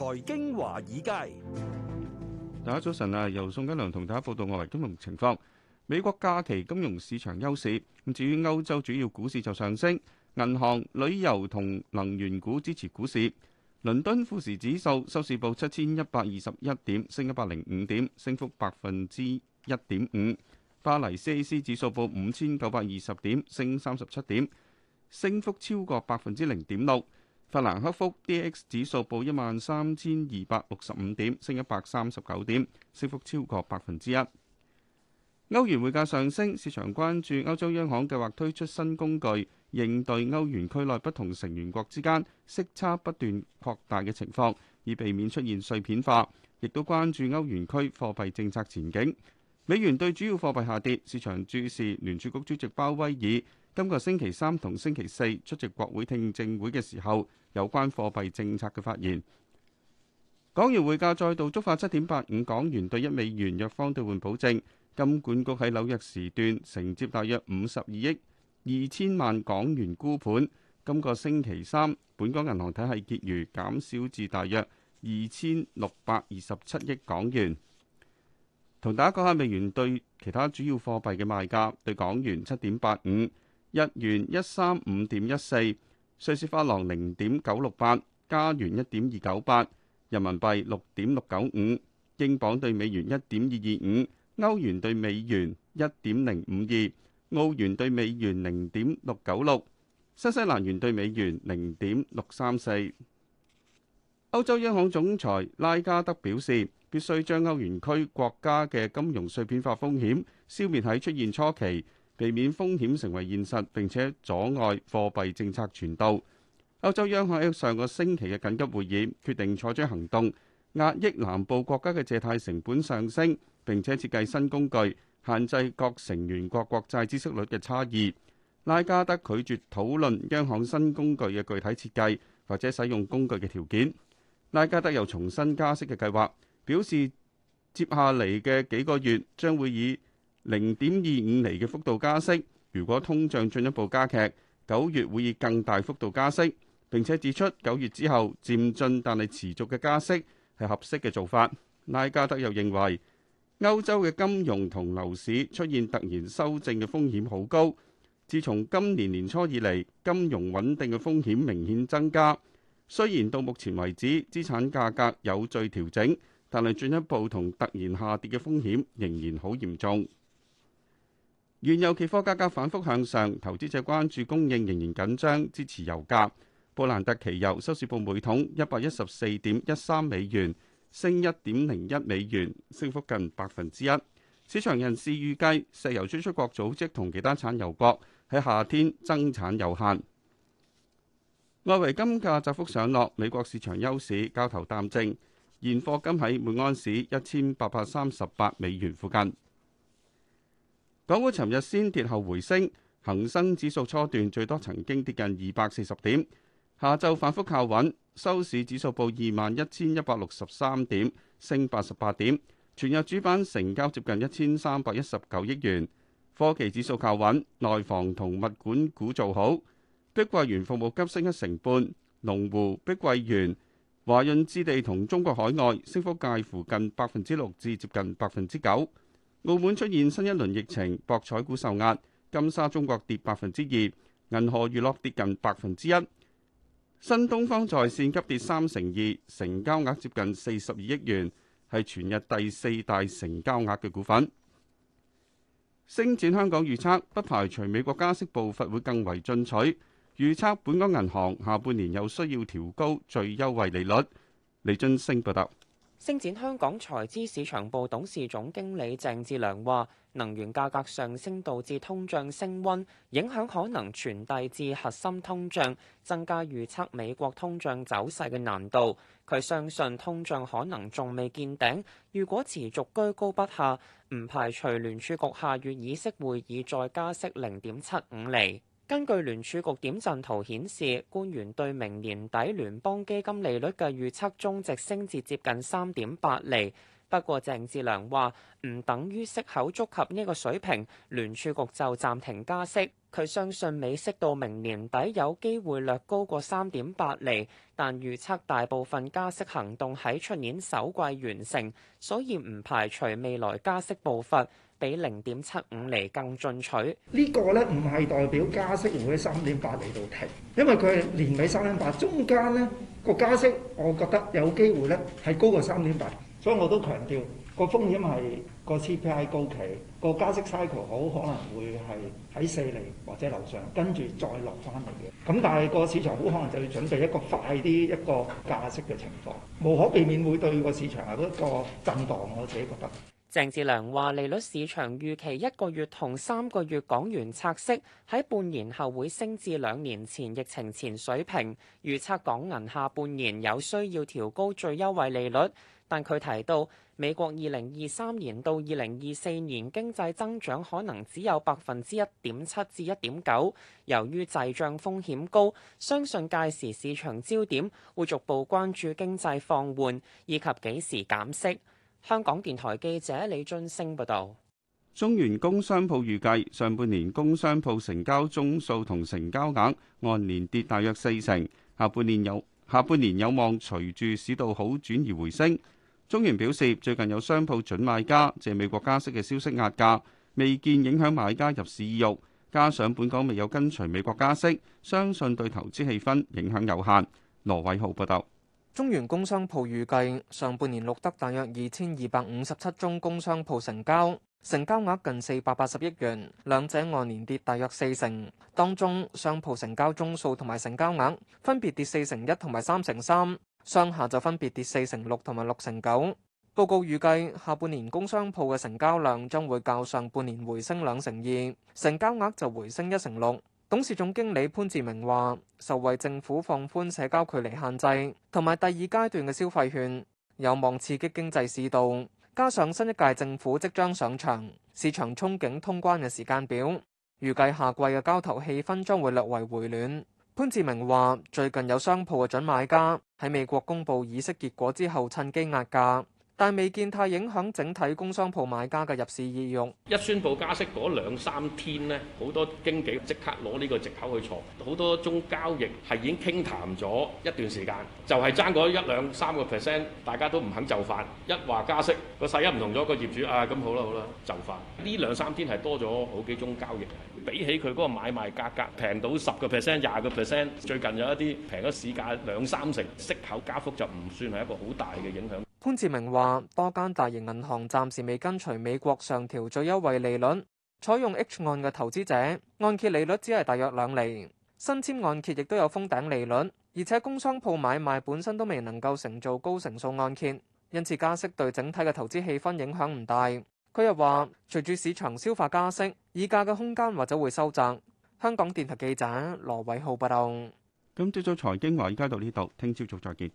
財經華爾街，大家早晨啊！由宋嘉良同大家報道外圍金融情況。美國假期金融市場休市，咁至於歐洲主要股市就上升，銀行、旅遊同能源股支持股市。倫敦富時指數收市報七千一百二十一點，升一百零五點，升幅百分之一點五。巴黎 CAC 指數報五千九百二十點，升三十七點，升幅超過百分之零點六。法蘭克福 DAX 指數報一萬三千二百六十五點，升一百三十九點，升幅超過百分之一。歐元匯價上升，市場關注歐洲央行計劃推出新工具，應對歐元區內不同成員國之間息差不斷擴大嘅情況，以避免出現碎片化。亦都關注歐元區貨幣政策前景。美元對主要貨幣下跌，市場注視聯儲局主席鮑威爾。今個星期三同星期四出席國會聽證會嘅時候，有關貨幣政策嘅發言。港元匯價再度觸發七點八五港元對一美元弱方兌換保證。金管局喺紐約時段承接大約五十二億二千萬港元沽盤。今個星期三，本港銀行體系結餘減少至大約二千六百二十七億港元。同大家講下美元對其他主要貨幣嘅賣價，對港元七點八五。日元一三五點一四，瑞士法郎零點九六八，加元一點二九八，人民幣六點六九五，英鎊兌美元一點二二五，歐元兌美元一點零五二，澳元兌美元零點六九六，新西蘭元兌美元零點六三四。歐洲央行總裁拉加德表示，必須將歐元區國家嘅金融碎片化風險消滅喺出現初期。避免風險成為現實，並且阻礙貨幣政策傳導。歐洲央行喺上個星期嘅緊急會議決定採取行動，壓抑南部國家嘅借貸成本上升，並且設計新工具，限制各成員各國國債孳息率嘅差異。拉加德拒絕討論央行新工具嘅具體設計或者使用工具嘅條件。拉加德又重申加息嘅計劃，表示接下嚟嘅幾個月將會以零點二五厘嘅幅度加息，如果通脹進一步加劇，九月會以更大幅度加息。並且指出九月之後漸進但係持續嘅加息係合適嘅做法。拉加德又認為歐洲嘅金融同樓市出現突然修正嘅風險好高。自從今年年初以嚟，金融穩定嘅風險明顯增加。雖然到目前為止資產價格有序調整，但係進一步同突然下跌嘅風險仍然好嚴重。原油期貨價格反覆向上，投資者關注供應仍然緊張，支持油價。布蘭特期油收市報每桶一百一十四點一三美元，升一點零一美元，升幅近百分之一。市場人士預計石油輸出國組織同其他產油國喺夏天增產有限。外圍金價窄幅上落，美國市場休市，交投淡靜。現貨金喺每安士一千八百三十八美元附近。港股尋日先跌後回升，恒生指數初段最多曾經跌近二百四十點，下晝反覆靠穩，收市指數報二萬一千一百六十三點，升八十八點。全日主板成交接近一千三百一十九億元。科技指數靠穩，內房同物管股做好，碧桂園服務急升一成半，龍湖、碧桂園、華潤置地同中國海外升幅介乎近百分之六至接近百分之九。澳門出現新一輪疫情，博彩股受壓，金沙中國跌百分之二，銀河娛樂跌近百分之一，新東方在線急跌三成二，成交額接近四十二億元，係全日第四大成交額嘅股份。星展香港預測，不排除美國加息步伐會更為進取，預測本港銀行下半年有需要調高最優惠利率。李津升報道。星展香港財資市場部董事總經理鄭志良話：能源價格上升導致通脹升溫，影響可能傳遞至核心通脹，增加預測美國通脹走勢嘅難度。佢相信通脹可能仲未見頂，如果持續居高不下，唔排除聯儲局下月議息會議再加息零點七五厘。根據聯儲局點陣圖顯示，官員對明年底聯邦基金利率嘅預測中值升至接近三點八厘。不過鄭志良話，唔等於息口觸及呢個水平，聯儲局就暫停加息。佢相信美息到明年底有機會略高過三點八厘，但預測大部分加息行動喺出年首季完成，所以唔排除未來加息步伐。比零點七五厘更進取，呢個呢，唔係代表加息會喺三點八厘度停，因為佢係年尾三點八，中間呢個加息，我覺得有機會呢係高過三點八，所以我都強調個風險係個 CPI 高企，個加息 cycle 好可能會係喺四厘或者樓上，跟住再落翻嚟嘅。咁但係個市場好可能就要準備一個快啲一,一個加息嘅情況，無可避免會對個市場係一個震盪。我自己覺得。鄭志良話：利率市場預期一個月同三個月港元拆息喺半年後會升至兩年前疫情前水平。預測港銀下半年有需要調高最優惠利率，但佢提到美國二零二三年到二零二四年經濟增長可能只有百分之一點七至一點九，由於滯脹風險高，相信屆時市場焦點會逐步關注經濟放緩以及幾時減息。香港電台記者李俊升報道：中原工商鋪預計上半年工商鋪成交宗數同成交額按年跌大約四成，下半年有下半年有望隨住市道好轉而回升。中原表示，最近有商鋪準買家借美國加息嘅消息壓價，未見影響買家入市意慾，加上本港未有跟隨美國加息，相信對投資氣氛影響有限。羅偉浩報道。中原工商鋪預計上半年錄得大約二千二百五十七宗工商鋪成交，成交額近四百八十億元，兩者按年跌大約四成。當中商鋪成交宗數同埋成交額分別跌四成一同埋三成三，商廈就分別跌四成六同埋六成九。報告預計下半年工商鋪嘅成交量將會較上半年回升兩成二，成交額就回升一成六。董事總經理潘志明話，受惠政府放寬社交距離限制同埋第二階段嘅消費券，有望刺激經濟市道。加上新一屆政府即將上場，市場憧憬通關嘅時間表，預計下季嘅交投氣氛將會略為回暖。潘志明話最近有商鋪嘅準買家喺美國公佈議息結果之後趁機壓價。但未見太影響整體工商鋪買家嘅入市意欲。一宣布加息嗰兩三天呢，好多經紀即刻攞呢個藉口去坐，好多宗交易係已經傾談咗一段時間，就係爭嗰一兩三個 percent，大家都唔肯就範。一話加息個勢一唔同咗，個業主啊，咁好啦好啦，就範。呢兩三天係多咗好幾宗交易，比起佢嗰個買賣價格平到十個 percent、廿個 percent，最近有一啲平咗市價兩三成，息口加幅就唔算係一個好大嘅影響。潘志明話：多間大型銀行暫時未跟隨美國上調最優惠利率，採用 H 按嘅投資者按揭利率只係大約兩厘，新簽按揭亦都有封頂利率，而且工商鋪買賣本身都未能夠承造高成數按揭，因此加息對整體嘅投資氣氛影響唔大。佢又話：隨住市場消化加息，議價嘅空間或者會收窄。香港電台記者羅偉浩報道。今朝早財經華爾街到呢度，聽朝早再見。